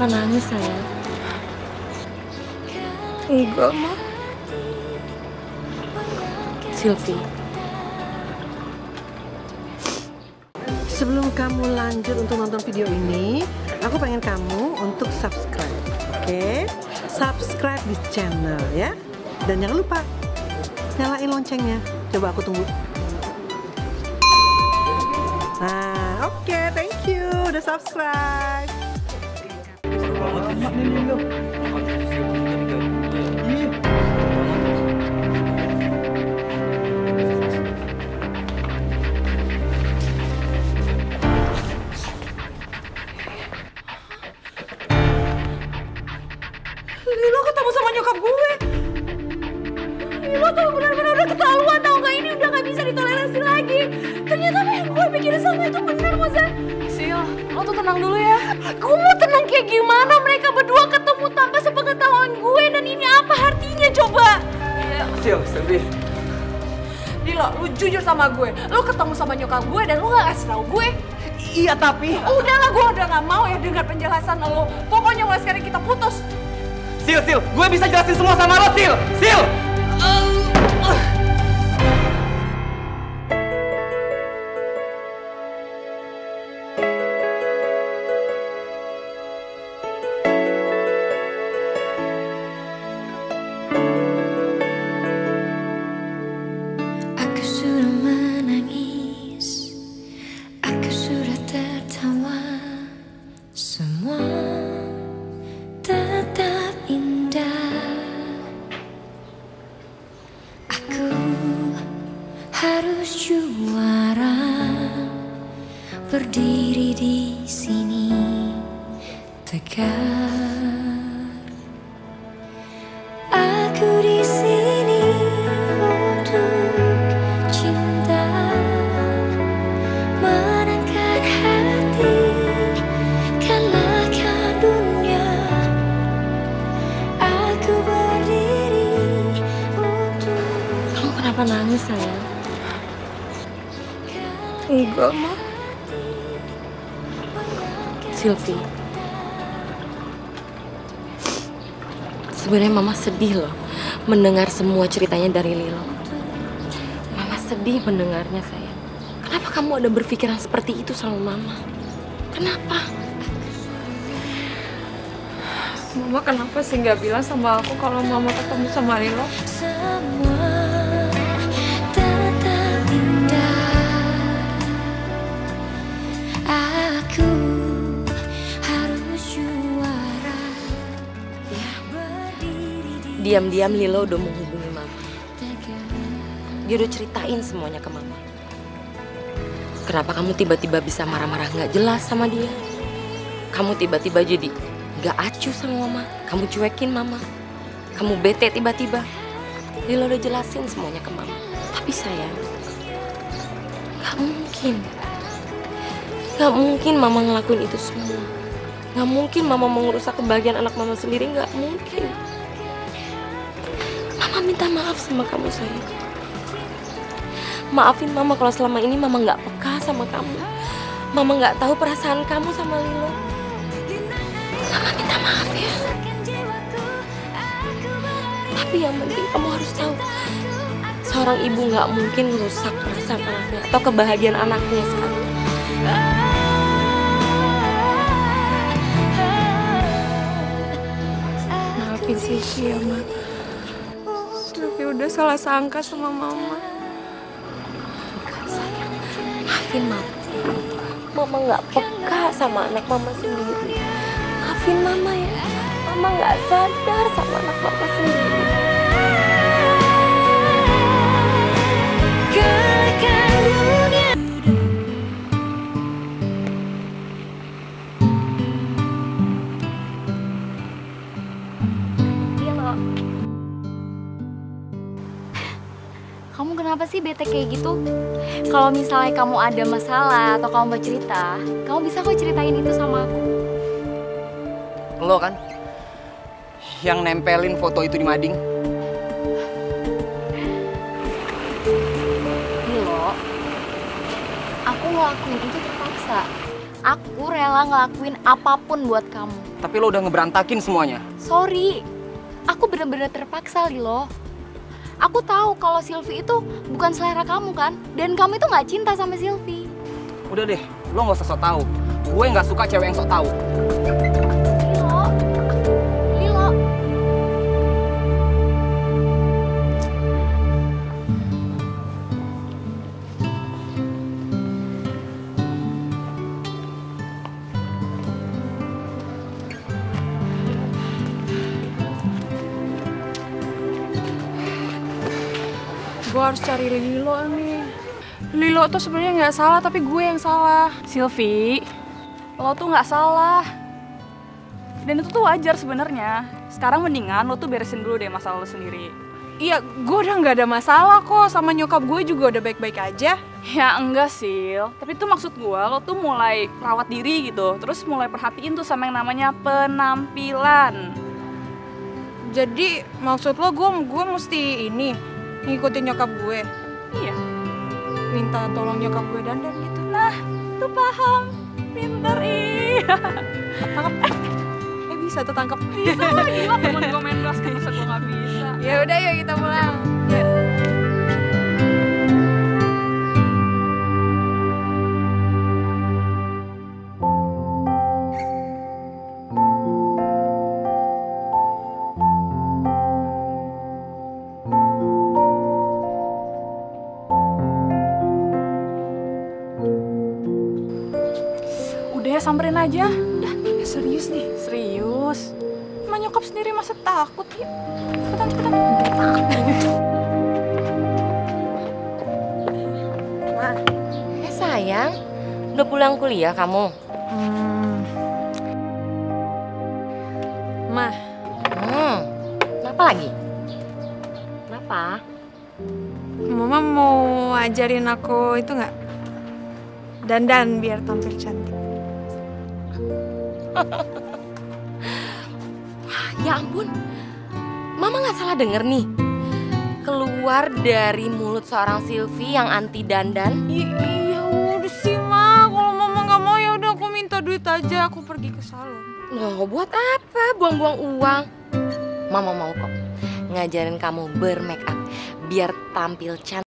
kenapa nangis saya Enggak, Ma. Silvi. Sebelum kamu lanjut untuk nonton video ini, aku pengen kamu untuk subscribe. Oke? Okay? Subscribe di channel ya. Dan jangan lupa nyalain loncengnya. Coba aku tunggu. Nah, oke, okay, thank you udah subscribe nih Lilo ketemu sama nyokap gue. Lilo tuh benar-benar udah ketahuan udah gak bisa ditoleransi lagi. Ternyata apa yang gue pikirin sama itu benar, Moza. Sil, lo tuh tenang dulu ya. Gue mau tenang kayak gimana mereka berdua ketemu tanpa sepengetahuan gue dan ini apa artinya coba? Iya. Sil, sedih. Dilo, lu jujur sama gue. Lu ketemu sama nyokap gue dan lu gak kasih tau gue. Iya tapi... Udahlah, gue udah gak mau ya dengar penjelasan lo. Pokoknya mulai sekarang kita putus. Sil, Sil, gue bisa jelasin semua sama lo, Sil! Sil! Sebenarnya Mama sedih loh mendengar semua ceritanya dari Lilo. Mama sedih mendengarnya saya. Kenapa kamu ada berpikiran seperti itu sama Mama? Kenapa? Mama kenapa sih nggak bilang sama aku kalau Mama ketemu sama Lilo? diam-diam Lilo udah menghubungi mama. Dia udah ceritain semuanya ke mama. Kenapa kamu tiba-tiba bisa marah-marah nggak jelas sama dia? Kamu tiba-tiba jadi nggak acuh sama mama. Kamu cuekin mama. Kamu bete tiba-tiba. Lilo udah jelasin semuanya ke mama. Tapi sayang, nggak mungkin. Nggak mungkin mama ngelakuin itu semua. Nggak mungkin mama mau ngerusak kebahagiaan anak mama sendiri. Nggak mungkin minta maaf sama kamu sayang maafin mama kalau selama ini mama nggak peka sama kamu mama nggak tahu perasaan kamu sama Lilo mama minta maaf ya tapi yang penting kamu harus tahu seorang ibu nggak mungkin merusak perasaan anaknya atau kebahagiaan anaknya sekarang maafin sih ya mak udah salah sangka sama mama. Maafin mama. Mama nggak peka sama anak mama sendiri. Maafin mama ya. Mama nggak sadar sama anak mama sendiri. Kenapa sih bete kayak gitu? Kalau misalnya kamu ada masalah atau kamu mau cerita, kamu bisa kok ceritain itu sama aku. Lo kan? Yang nempelin foto itu di mading? Lo, aku ngelakuin itu terpaksa. Aku rela ngelakuin apapun buat kamu. Tapi lo udah ngeberantakin semuanya. Sorry, aku bener-bener terpaksa, Lilo. Aku tahu kalau Silvi itu bukan selera kamu kan, dan kamu itu nggak cinta sama Silvi. Udah deh, lo nggak usah sok tahu. Gue nggak suka cewek yang sok tahu. gue harus cari Lilo nih Lilo tuh sebenarnya nggak salah tapi gue yang salah Silvi lo tuh nggak salah dan itu tuh wajar sebenarnya sekarang mendingan lo tuh beresin dulu deh masalah lo sendiri iya gue udah nggak ada masalah kok sama nyokap gue juga udah baik-baik aja ya enggak sih tapi itu maksud gue lo tuh mulai rawat diri gitu terus mulai perhatiin tuh sama yang namanya penampilan jadi maksud lo gue gue mesti ini ngikutin nyokap gue iya minta tolong nyokap gue dan gitu lah tuh paham pinter iya. tangkap eh bisa tuh tangkap bisa lah gila temen gue main basket masa gue gak bisa ya udah yuk kita pulang samperin aja. Dah, eh, serius nih. Serius? Emang nyokap sendiri masa takut? ya. cepetan, cepetan. Ma, eh sayang, udah pulang kuliah kamu? Hmm. Ma. Hmm, kenapa lagi? Kenapa? Mama mau ajarin aku itu nggak? Dandan biar tampil cantik ya ampun, Mama nggak salah denger nih. Keluar dari mulut seorang Silvi yang anti dandan. Iya udah sih Ma, kalau Mama nggak mau ya udah aku minta duit aja, aku pergi ke salon. Loh buat apa? Buang-buang uang. Mama mau kok ngajarin kamu bermake up biar tampil cantik.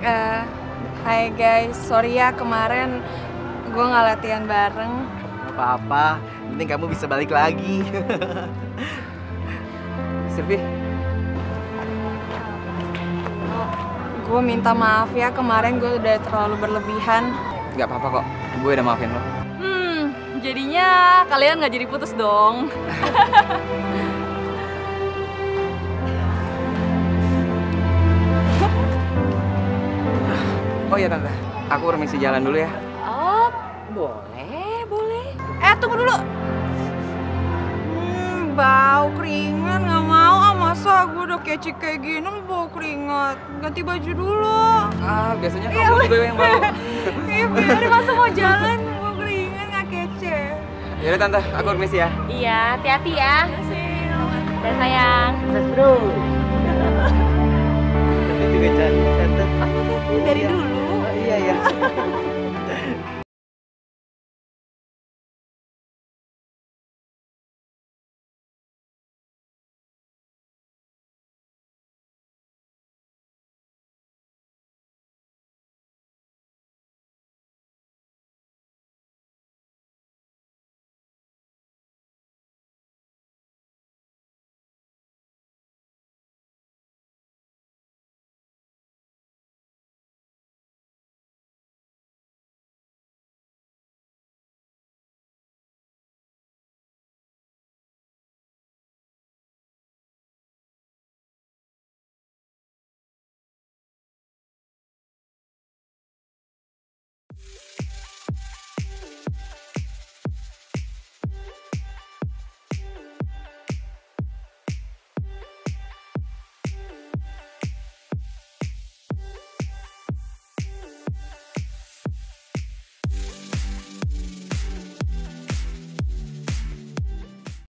Uh, eh, hai guys, sorry ya kemarin gue nggak latihan bareng. Apa-apa, penting kamu bisa balik lagi. Sylvie. Oh, gue minta maaf ya kemarin gue udah terlalu berlebihan. Gak apa-apa kok, gue udah maafin lo. Hmm, jadinya kalian nggak jadi putus dong. ya tante, aku permisi jalan dulu ya. Oh, boleh, boleh. Eh, tunggu dulu. Hmm, bau keringat nggak mau ah masa gue udah kecik kayak gini bau keringat. Ganti baju dulu. Ah, biasanya iya. kamu juga yang bau. Iya, biar masa mau jalan bau keringat nggak kece. Yaudah tante, aku permisi ya. Iya, hati-hati ya. Dan sayang. Sukses bro. juga tante. Aku oh, dari dulu iya iya.